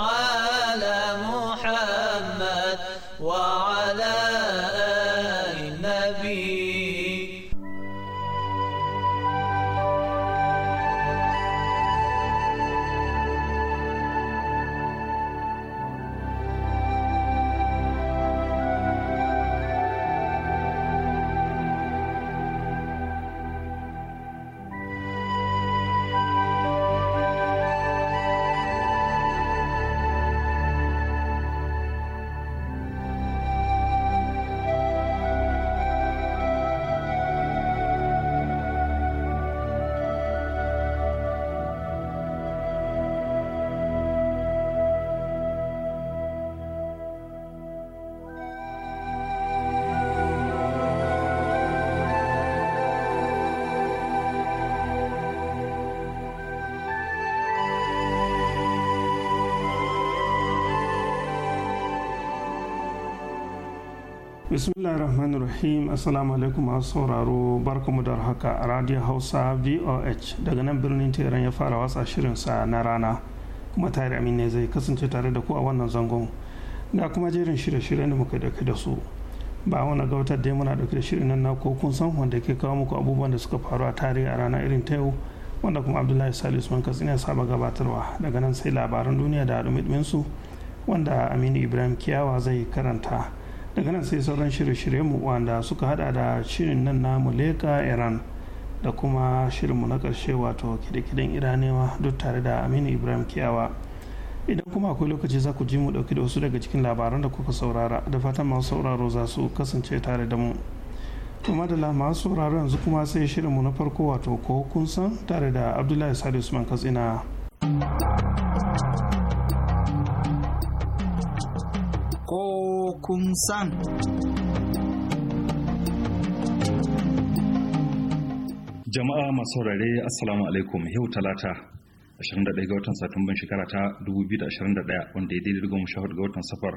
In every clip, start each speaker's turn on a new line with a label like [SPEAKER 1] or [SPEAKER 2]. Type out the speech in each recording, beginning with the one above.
[SPEAKER 1] على
[SPEAKER 2] bismillah rahman rahim assalamu alaikum masu sauraro barkamu da haka radio hausa voh daga nan birnin teran ya fara wasa shirin shirinsa na rana kuma tare amin ne zai kasance tare da ku a wannan zangon ga kuma jerin shirye-shiryen da muka dauke da su ba wani gautar dai muna dauke da shirin nan na ko kun san wanda ke kawo muku abubuwan da suka faru a tarihi a rana irin ta yau wanda kuma abdullahi salisu man katsina saba gabatarwa daga nan sai labaran duniya da dumi su wanda aminu ibrahim kiyawa zai karanta daga nan sai sauran shirye-shirye mu wanda suka hada da shirin nan na muleka iran da kuma shirinmu na karshe wato kide-kiden iranewa duk tare da aminu ibrahim kiyawa idan kuma akwai lokaci za ku ji mu dauki da wasu daga cikin labaran da kuka saurara da fatan masu sauraro za su kasance tare da mu to madalla masu sauraro yanzu kuma sai shirinmu na farko wato ko kun san tare da abdullahi sadi usman katsina
[SPEAKER 3] ko kun san
[SPEAKER 4] jama'a masu saurare assalamu alaikum yau talata 21 ga watan satumban shekara ta 2021 wanda ya daidai goma sha ga watan safar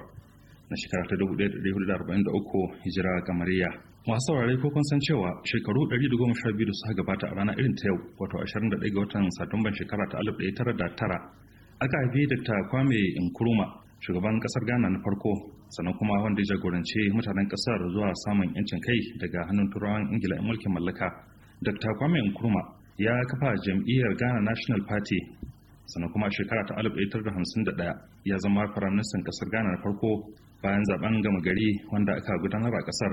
[SPEAKER 4] na shekara ta 1443 hijira kamariya masu saurare ko kun san cewa shekaru 112 da suka gabata a rana irin ta yau wato 21 ga watan satumban shekara ta 1909 aka haifi da ta kwame nkrumah shugaban kasar ghana na farko sannan kuma wanda ya jagorance mutanen kasar zuwa samun yancin kai daga hannun turawan ingila in mulkin mallaka dr kwame nkrumah ya kafa jam'iyyar ghana national party sannan kuma shekara ta 1951 ya zama firaministan kasar ghana na farko bayan zaben gama gari wanda aka gudanar a kasar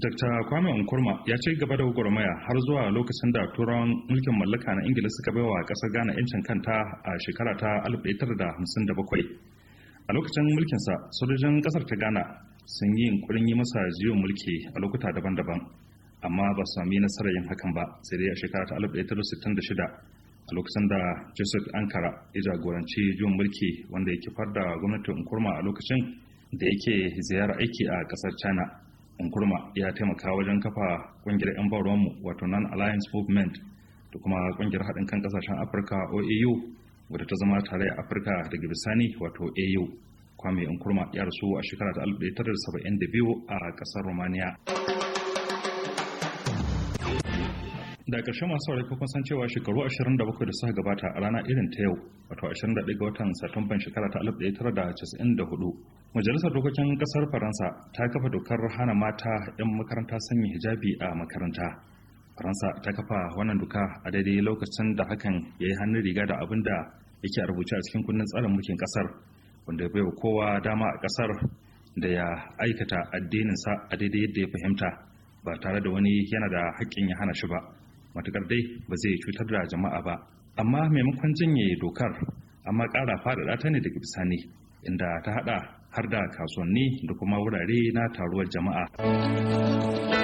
[SPEAKER 4] dr kwame nkrumah ya ci gaba da gwagwarmaya har zuwa lokacin da turawan mulkin mallaka na ingila suka baiwa kasar ghana yancin kanta a shekara ta 1957 a lokacin mulkinsa sojojin kasar ta ghana sun yi yunkurin yi masa jiyon mulki a lokuta daban-daban amma ba su sami nasarar yin hakan ba sai dai a shekara ta 1966 a lokacin da joseph ankara ya jagoranci jiyon mulki wanda ya kifar da gwamnatin nkurma a lokacin da yake ziyarar aiki a kasar china nkurma ya taimaka wajen kafa kungiyar 'yan mu wato non-alliance movement da kuma kungiyar haɗin kan kasashen afirka oau wadda ta zama a afirka daga bisani wato au kwame nkurma ya rasu a shekara ta 1972 a kasar romania da ƙarshe masu saurari kun san cewa shekaru 27 da suka gabata a rana irin ta yau wato 21 ga watan satumban shekara ta 1994 majalisar dokokin ƙasar faransa ta kafa dokar hana mata 'yan makaranta sanya hijabi a makaranta faransa ta kafa wannan duka a daidai lokacin da hakan ya yi hannun riga da abin da yake a rubuce a cikin kundin tsarin mulkin kasar wanda bai kowa dama a kasar da ya aikata addininsa a daidai yadda ya fahimta ba tare da wani yana da haƙƙin ya hana shi ba matuƙar dai ba zai cutar da jama'a ba amma maimakon jinye dokar amma ƙara faɗaɗa ta ne daga bisani inda ta haɗa har da kasuwanni da kuma wurare na taruwar jama'a.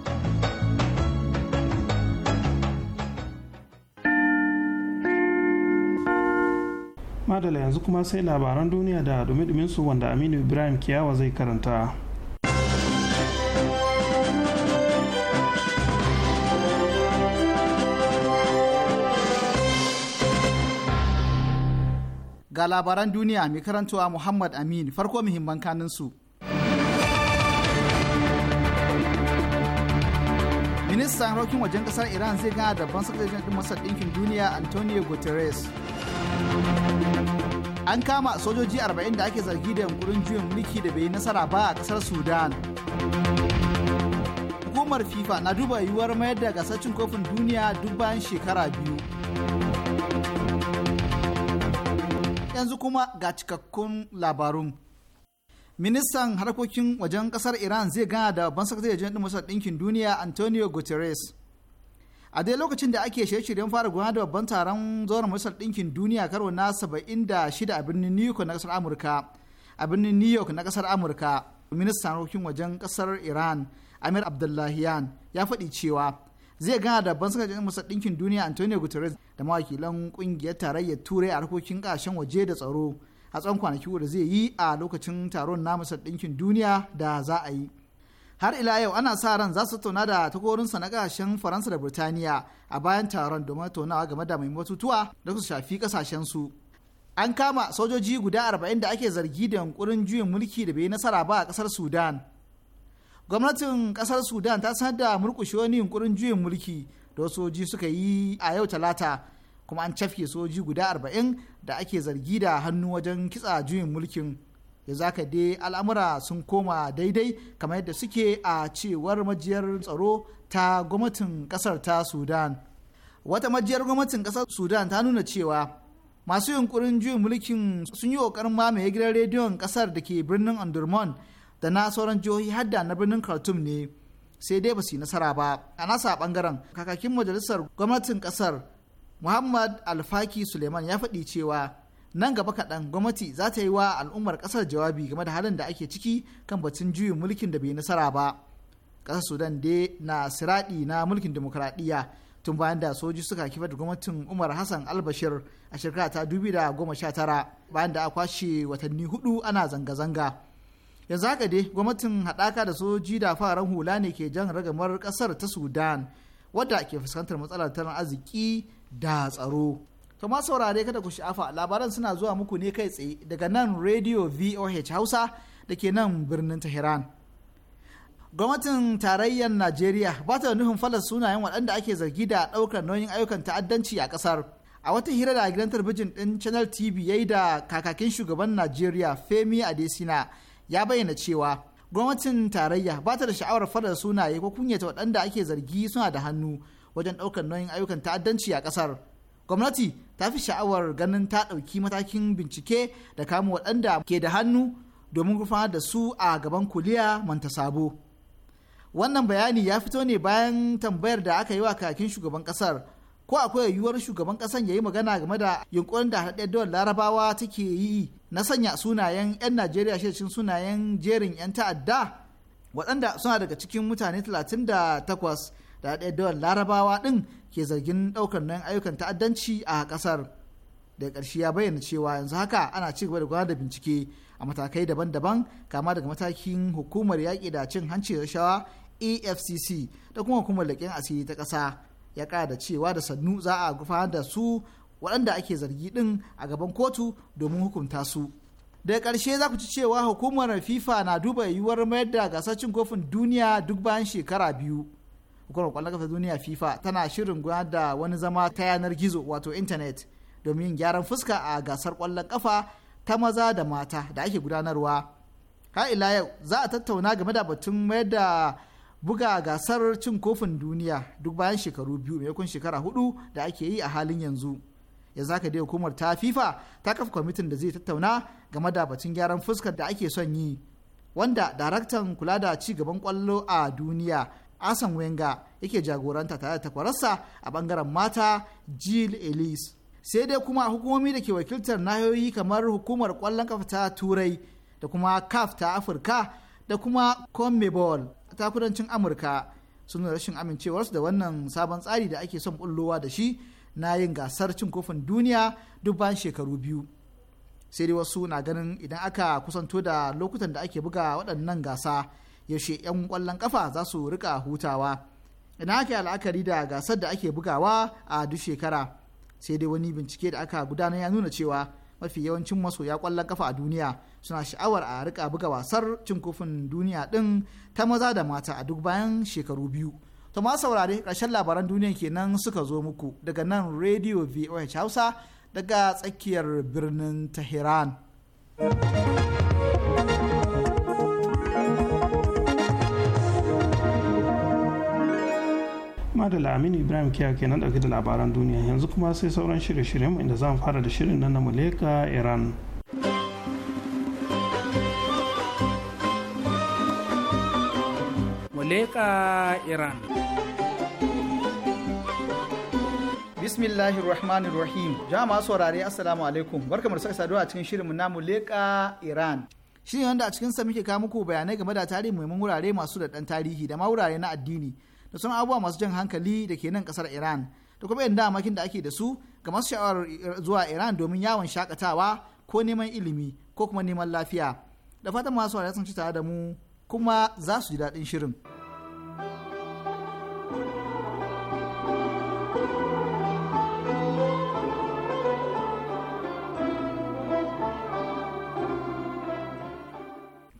[SPEAKER 2] madala yanzu kuma sai labaran duniya da dumi su wanda aminu ibrahim kiyawa zai karanta
[SPEAKER 3] ga labaran duniya mai karantawa muhammad amin farko muhimman kaninsu ministan harkokin wajen kasar iran zai gana da ban sakataren masar ɗinkin duniya antonio guterres an kama sojoji 40 da ake zargi da yankurin juyin mulki da bai nasara ba a kasar sudan hukumar fifa na duba yiwuwar mayar da gasar cin kofin duniya duk bayan shekara biyu yanzu kuma ga cikakkun labarun ministan harkokin wajen kasar iran zai gana da babban sakatare janar masar ɗinkin duniya antonio guterres a dai lokacin da ake shirye-shiryen fara gudanar da babban taron zauren majalisar ɗinkin duniya karo na 76 a birnin new york na kasar amurka a birnin new york na kasar amurka ministan harkokin wajen kasar iran amir abdullahian ya faɗi cewa zai gana da babban sakataren majalisar ɗinkin duniya antonio guterres da mawakilan ƙungiyar tarayyar turai a harkokin kashen waje da tsaro a tsawon kwanaki da zai yi a lokacin taron na majalisar ɗinkin duniya da za a yi har ila yau ana sa ran za su tauna da takorinsa na kasashen faransa da burtaniya a bayan taron domin taunawa game da mai batutuwa da su shafi su an kama sojoji guda arba'in da ake zargi da yunkurin juyin mulki da bai nasara ba a kasar sudan gwamnatin kasar sudan ta sanar da murkushe wani yunkurin juyin mulki da soji suka yi a yau talata kuma an cafke sojoji guda arba'in da ake zargi da hannu wajen kitsa juyin mulkin ya zaka dai al'amura sun koma daidai kamar yadda suke a cewar majiyar tsaro ta gwamnatin kasar ta sudan wata majiyar gwamnatin kasar sudan ta nuna cewa masu yunkurin juyin mulkin sun yi kokarin mamaye gidan rediyon kasar da ke birnin andurman da na sauran jihohi hadda na birnin khartoum ne sai dai ba su yi nasara ba a nasa bangaren kakakin majalisar gwamnatin kasar muhammad alfaki suleiman ya faɗi cewa nan gaba kaɗan gwamnati za ta yi wa al'ummar ƙasar jawabi game da halin da ake ciki kan batun juyin mulkin da bai nasara ba ƙasar sudan dai na siraɗi na mulkin demokuraɗiyya tun bayan da soji suka kifar da gwamnatin umar hassan albashir a shekara ta dubi da goma sha tara bayan da a kwashe watanni hudu ana zanga-zanga yanzu haka dai gwamnatin haɗaka da soji da fararen hula ne ke jan ragamar ƙasar ta sudan wadda ke fuskantar matsalar tattalin arziki da tsaro To ma saurare kada ku sha'afa labaran suna zuwa muku ne kai tsaye daga nan Radio VOH Hausa da ke nan birnin Tehran. Gwamnatin tarayyar Najeriya ba ta nufin falas sunayen waɗanda ake zargi da ɗaukar nauyin ayyukan ta'addanci a ƙasar. A wata hira da gidan talabijin ɗin Channel TV ya yi da kakakin shugaban Najeriya Femi Adesina ya bayyana cewa gwamnatin tarayya ba ta da sha'awar falar sunaye ko kunyata waɗanda ake zargi suna da hannu wajen ɗaukar nauyin ayyukan ta'addanci a ƙasar. gwamnati ta fi sha'awar ganin ta ɗauki matakin bincike da kama waɗanda ke da hannu domin gurfanar da su a gaban kuliya manta sabo. wannan bayani ya fito ne bayan tambayar da aka yi wa kakin shugaban ƙasar ko akwai yiwuwar shugaban ƙasar ya yi magana game da yunkurin da haɗe dawar larabawa take yi na sanya sunayen 'yan najeriya cikin sunayen jerin 'yan ta'adda waɗanda suna daga cikin mutane 38 da haɗe dawar larabawa ɗin ke zargin ɗaukar nan ayyukan ta'addanci a kasar da ƙarshe ya bayyana cewa yanzu haka ana ci gaba da gudanar da bincike a matakai daban-daban kama daga matakin hukumar yaƙi da cin hanci rashawa efcc da kuma hukumar laƙin asiri ta ƙasa ya ƙara da cewa da sannu za a gurfanar da su waɗanda ake zargi ɗin a gaban kotu domin hukunta su daga karshe za ku ci cewa hukumar fifa na duba yiwuwar mayar da gasar cin kofin duniya duk bayan shekara biyu hukumar kwallon kafa duniya fifa tana shirin gudanar da wani zama ta yanar gizo wato intanet domin gyaran fuska a gasar kwallon kafa ta maza da mata da ake gudanarwa har ila yau za a tattauna game da batun mayar da buga gasar cin kofin duniya duk bayan shekaru biyu maimakon shekara hudu da ake yi a halin yanzu ya zaka dai hukumar ta fifa ta kafa kwamitin da zai tattauna game da batun gyaran fuskar da ake son yi wanda daraktan kula da ci gaban kwallo a duniya Asan Wenga yake jagoranta tare da takwararsa a bangaren mata Jill Elise. Sai dai kuma hukumomi da ke wakiltar nahiyoyi kamar hukumar kwallon kafa ta Turai da kuma CAF ta Afirka da kuma CONMEBOL ta kudancin Amurka suna rashin amincewarsu da wannan sabon tsari da ake son bullowa da shi na yin gasar cin kofin duniya duk bayan shekaru biyu. Sai dai wasu na ganin idan aka kusanto da lokutan da ake buga waɗannan gasa yaushe 'yan kwallon kafa za su rika hutawa ina ake al'akari da gasar da ake bugawa a duk shekara sai dai wani bincike da aka gudanar ya nuna cewa mafi yawancin masoya kwallon kafa a duniya suna sha'awar a rika buga wasar cin kofin duniya din ta maza da mata a duk bayan shekaru biyu to ma saurare ƙarshen labaran duniya kenan suka zo muku daga nan radio voh hausa daga tsakiyar birnin tehran
[SPEAKER 2] da aminu ibrahim kiya kenan dauke da labaran duniya yanzu kuma sai sauran shirye-shiryenmu inda zan fara da shirin nan na muleka iran
[SPEAKER 3] muleka iran bismillahir rahmanir rahim jama'a saurare assalamu alaikum barka mu saka saduwa a cikin mu na muleka iran ne wanda a sa muke kawo muku bayanai game da tarihi muhimman wurare masu da dan tarihi da ma wurare na addini da sun abubuwa masu jan hankali da ke nan kasar iran da kuma yin damakin da ake da su ga masu sha'awar zuwa iran domin yawon shakatawa ko neman ilimi ko kuma neman lafiya da fatan masu wa sun ci tare da mu kuma za su ji daɗin shirin.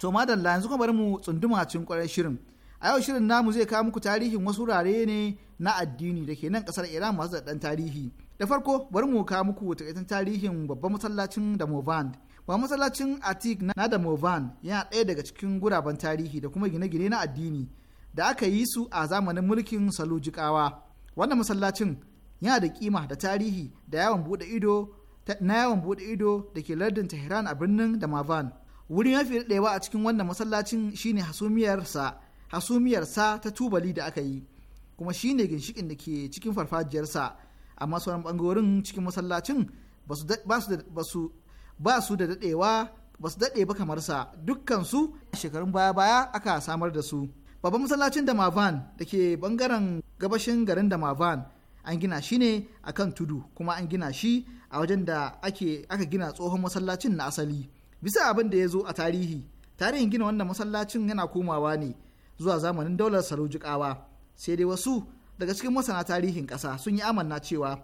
[SPEAKER 3] To madalla yanzu kuma bari mu tsunduma cikin kwarar shirin a yau shirin namu zai kawo muku tarihin wasu wurare ne na addini da ke nan kasar iran masu daɗan tarihi da farko bari mu kawo muku takaitan tarihin babban masallacin da movan ba masallacin atik na da movan yana ɗaya daga cikin guraben tarihi da kuma gine-gine na addini da aka yi su a zamanin mulkin salujikawa wannan masallacin yana da kima da tarihi da yawon buɗe ido na yawon buɗe ido da ke lardin tehran a birnin da mavan wurin mafi daɗewa a cikin wannan masallacin shine hasumiyarsa hasumiyarsa ta tubali da aka yi kuma shine ginshikin da ke cikin farfajiyarsa amma sauran bangorin cikin masallacin ba su da dadewa ba su dade ba kamar sa dukkan su shekarun baya baya aka samar da su babban masallacin da mavan da ke bangaren gabashin garin da mavan an gina shi ne a kan tudu kuma an gina shi a wajen da ake aka gina tsohon masallacin na asali bisa abin da ya zo a tarihi tarihin gina wannan masallacin yana komawa ne zuwa zamanin daular Salujikawa sai dai wasu daga cikin masana tarihin ƙasa sun yi amanna cewa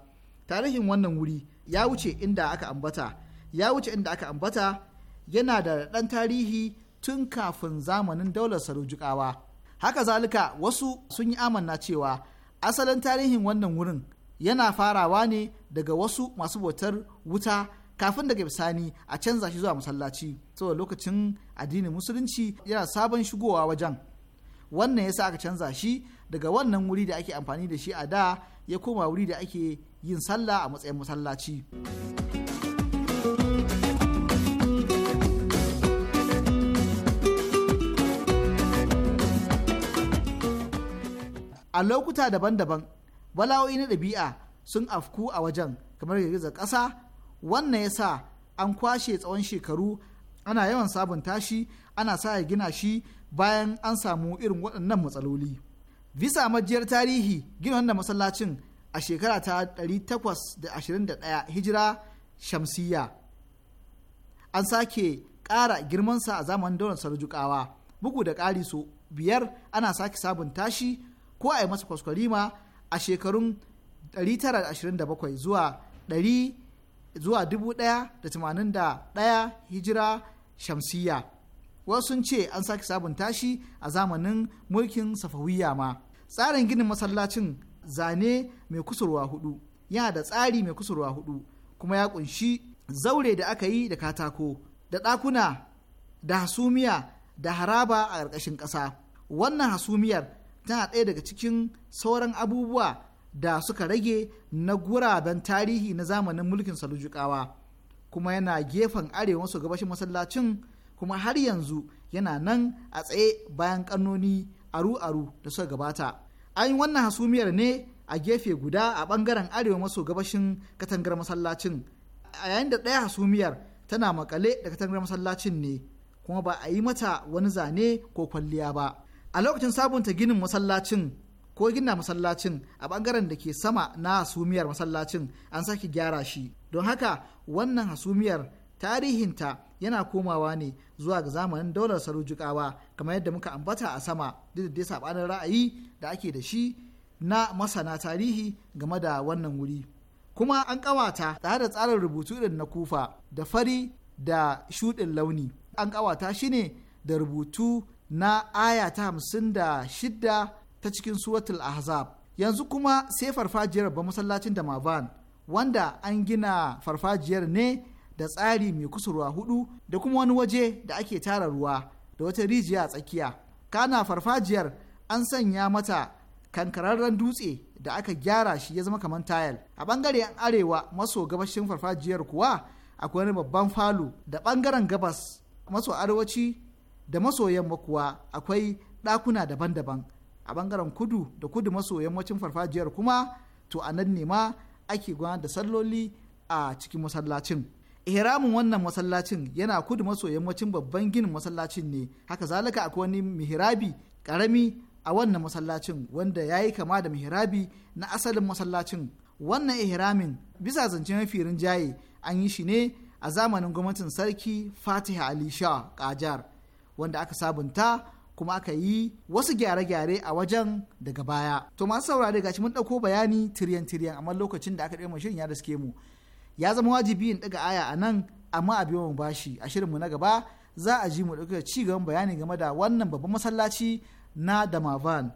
[SPEAKER 3] tarihin wannan wuri ya wuce inda aka ambata ya wuce inda aka ambata yana da ɗan tarihi tun kafin zamanin daular Salujikawa haka zalika wasu sun yi amanna cewa asalin tarihin wannan wurin yana farawa ne daga wasu masu bautar wuta kafin daga bisani a canza shi zuwa masallaci saboda lokacin addinin musulunci yana sabon shigowa wajen wannan yasa aka canza shi daga wannan wuri da ake amfani da shi a da ya koma wuri da ake yin sallah a matsayin masallaci. a lokuta daban-daban bala'o'i na ɗabi'a sun afku a wajen kamar girgizar ƙasa wannan ya sa an kwashe tsawon shekaru ana yawan sabunta shi ana sa ya gina shi bayan an samu irin waɗannan matsaloli bisa majiyar tarihi gina wannan masallacin a shekara ta 821 hijira shamsiya an sake ƙara girmansa a zamanin daular sarjukawa bugu da ƙari so biyar ana sake sabunta shi ko a yi masa kwaskwarima a shekarun 927 zuwa 100 zuwa 1081 hijira shamsiyya. wasu sun ce an sake sabunta shi a zamanin mulkin safawiya ma tsarin ginin masallacin zane mai kusurwa hudu yana da tsari mai kusurwa hudu kuma ya kunshi zaure da aka yi da katako da ɗakuna da hasumiya da haraba a ƙarƙashin ƙasa wannan hasumiyar tana ɗaya daga cikin sauran abubuwa da suka rage na guraben tarihi na zamanin mulkin salujukawa kuma yana gefen arewa maso gabashin masallacin kuma har yanzu yana nan a tsaye bayan kanoni aru-aru da suka gabata an yi wannan hasumiyar ne a gefe guda a ɓangaren arewa maso gabashin katangar masallacin a yayin da ɗaya hasumiyar tana makale da katangar masallacin ne kuma ba a yi mata wani zane ko kwalliya ba a lokacin sabunta ginin masallacin ko gina masallacin a bangaren da ke sama na hasumiyar masallacin an sake gyara shi don haka wannan hasumiyar tarihinta yana komawa ne zuwa ga zamanin daular sarujukawa kamar yadda muka ambata a sama duk da dai sabanin ra'ayi da ake da shi na masana tarihi game da wannan wuri kuma an kawata tare da tsarin rubutu irin na kufa da fari da shuɗin launi an kawata shi ne da rubutu na aya ta hamsin da shidda ta cikin suwatul ahzab yanzu kuma sai farfajiyar ba masallacin da mavan wanda an gina farfajiyar ne da tsari mai kusurwa hudu da kuma wani waje da ake tara ruwa da wata rijiya a tsakiya kana farfajiyar an sanya mata kankararren dutse da aka gyara shi ya zama kamar tayal a bangaren arewa maso gabashin farfajiyar kuwa akwai wani babban falo da bangaren gabas maso arewaci da maso yamma kuwa akwai ɗakuna daban-daban a bangaren kudu da kudu maso yammacin farfajiyar kuma to a nan ne ma ake gudanar da salloli a cikin masallacin ihramin wannan masallacin yana kudu maso yammacin babban ginin masallacin ne haka zalika akwai wani mihrabi karami a wannan masallacin wanda ya yi kama da mihrabi na asalin masallacin wannan ihramin bisa zance mafi rinjaye an yi shi ne a zamanin gwamnatin sarki fatiha ali shah kajar wanda aka sabunta kuma aka yi wasu gyare-gyare a wajen daga baya to masu saurari gashi mun ɗauko bayani tiriyan-tiriyan amma lokacin da aka ɗaya mashin ya da mu ya zama wajibi in ɗaga aya a nan amma a biyo mu bashi a shirinmu na gaba za a ji mu dauki da ci gaban bayani game da wannan babban masallaci na Damavan.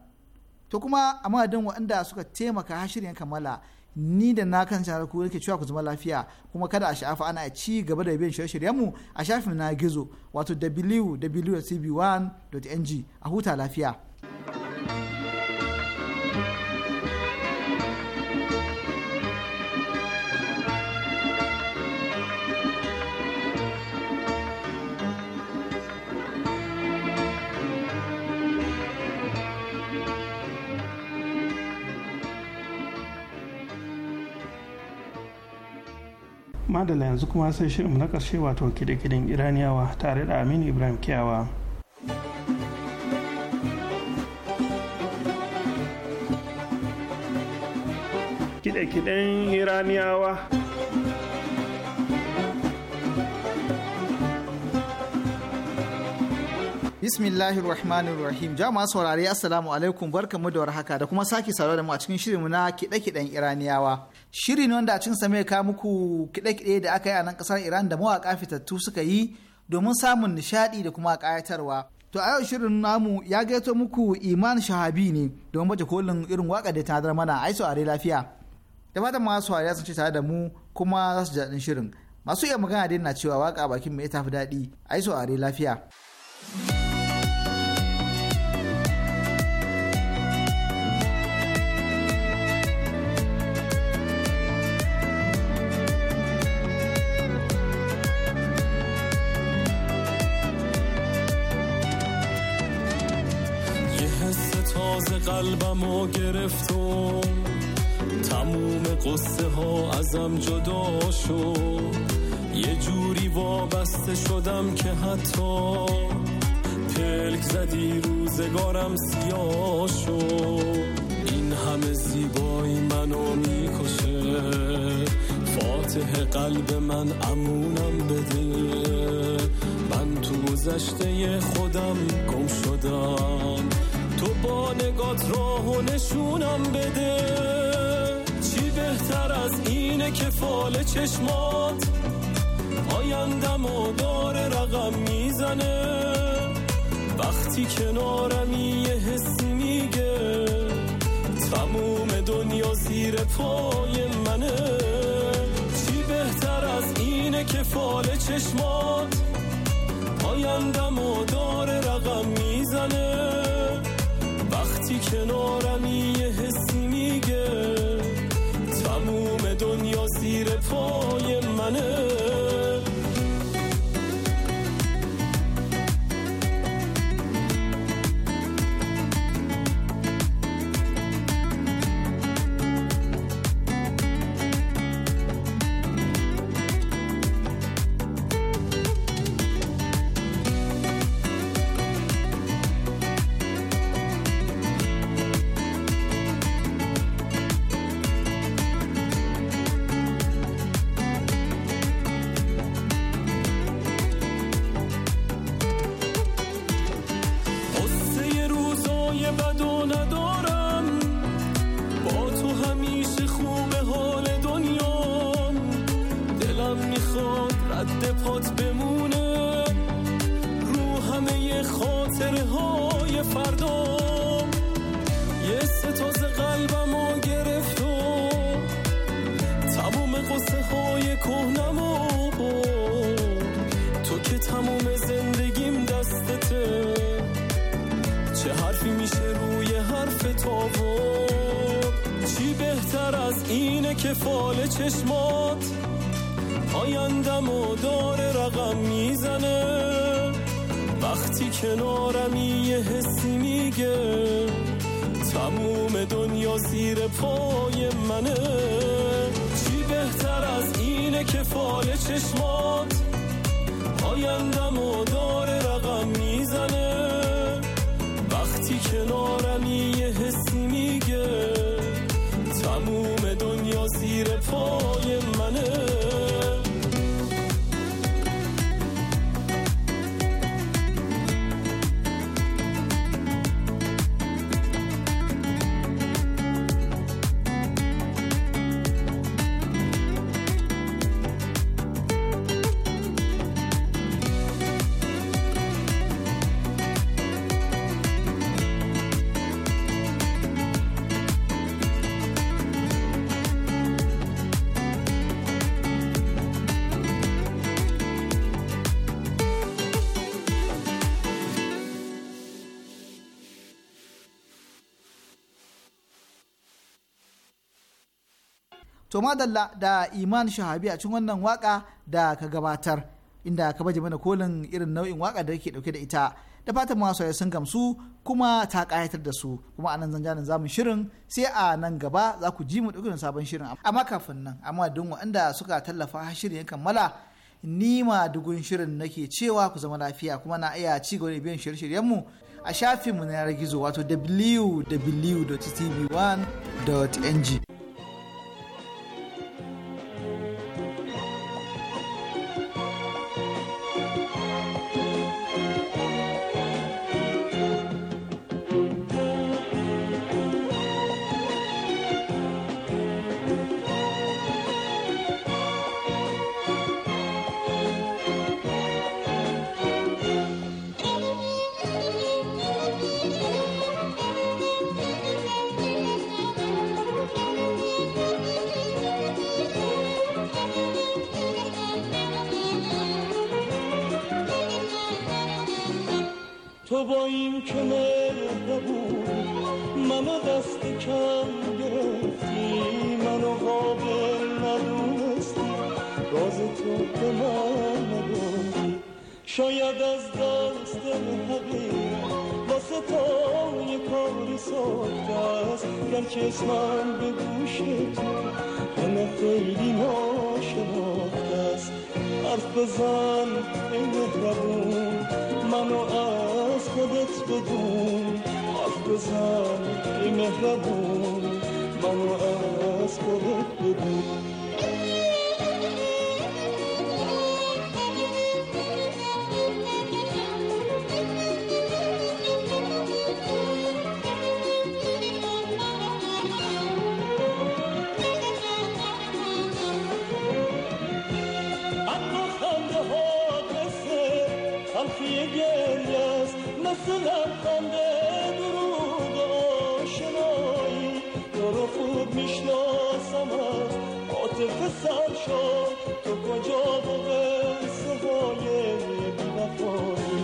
[SPEAKER 3] To kuma a madadin waɗanda suka taimaka har shirin kammala ni da na kan shahara ku yake cewa ku zama lafiya kuma kada a sha'afa ana ci gaba da biyan shirye mu a shafin na gizo wato www.cb1.ng a huta lafiya.
[SPEAKER 2] madala yanzu kuma sai shirinmu na ƙarshe wato kidikidin iraniyawa tare da aminu ibrahim kiyawa kide-kiden iraniyawa
[SPEAKER 3] bismillahir rahmanir rahim jama'a saurare assalamu alaikum mu da warhaka da kuma sake saurare da mu a cikin shirinmu na kiɗe-kiɗen iraniyawa shiri ne wanda a cikin same ka muku kiɗe-kiɗe da aka yi a nan ƙasar iran da mawaƙa fitattu suka yi domin samun nishaɗi da kuma kayatarwa to a yau shirin namu ya gaito muku iman shahabi ne domin baje kolin irin waka da ta mana ai saurare lafiya da fatan ma saurare sun ce tare da mu kuma za su ji shirin masu iya magana dai na cewa waƙa bakin mai tafi daɗi ai saurare lafiya. thank
[SPEAKER 5] دلمو گرفتم تموم قصه ها ازم جدا شد یه جوری وابسته شدم که حتی پلک زدی روزگارم سیاه شد این همه زیبایی منو میکشه فاتح قلب من امونم بده من تو گذشته خودم گم شدم تو با نگات و نشونم بده چی بهتر از اینه که فال چشمات آیندم و دار رقم میزنه وقتی کنارم یه حسی میگه تموم دنیا زیر پای منه چی بهتر از اینه که فال چشمات آیندم و دار رقم میزنه وقتی کنارمی یه حسی میگه تموم دنیا زیر پای منه خاطره های فردا یه ستاز قلبم گرفتو گرفت و تموم قصه های کهنم تو که تموم زندگیم دستته چه حرفی میشه روی حرف تو چی بهتر از اینه که فال چشمات آیندم و رقم میزنه وقتی کنارمی یه حسی میگه تموم دنیا زیر پای منه چی بهتر از اینه که فال چشمات آیندم و
[SPEAKER 3] to madalla da iman shahabi a cikin wannan waka da ka gabatar inda ka baje mana kolin irin nau'in waka da kake dauke da ita da fatan masu sun gamsu kuma ta kayatar da su kuma a nan janin zamun shirin sai a nan gaba za ku ji mu dukkan sabon shirin amma kafin nan amma don wanda suka tallafa shirin ya kammala ni ma dugun shirin nake cewa ku zama lafiya kuma na iya ci gaba da biyan shirye mu a shafinmu na yanar gizo wato www.tv1.ng
[SPEAKER 1] دست کم گرفتی منو قابل ندونستی راز تو به من نگفتی شاید از دست حقیق واسه تو یه کاری ساخته است گرچه اسمم به گوش تو همه خیلی ناشناخته است حرف بزن ای مهربون منو از خودت بدون گذار ای مهربون من رو از خودت بگو مثل هم خنده سال شد تو کجا و قصه های بیوفایی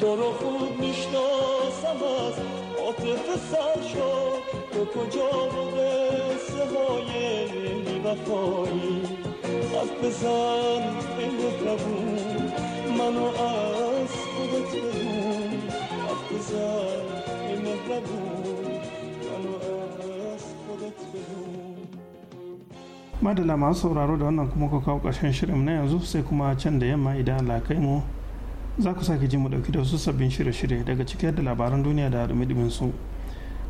[SPEAKER 1] تو رو خوب میشناسم از عاطفه سر شد تو کجا و قصه های بیوفایی حرف بزن ای مهربون منو از خودت بگو حرف بزن ای مهربون
[SPEAKER 2] madala masu sauraro da wannan kuma ka kawo ƙarshen shirin na yanzu sai kuma can da yamma idan Allah kai mu za ku sake ji mu ɗauki da wasu sabbin shirye-shirye daga cikin da labaran duniya da dumi su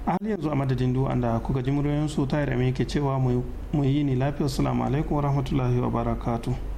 [SPEAKER 2] a hali yanzu a madadin duk da kuka ji muryoyin su rami ke cewa mu yi ni lafiya salamu alaikum wa rahmatullahi wa barakatu.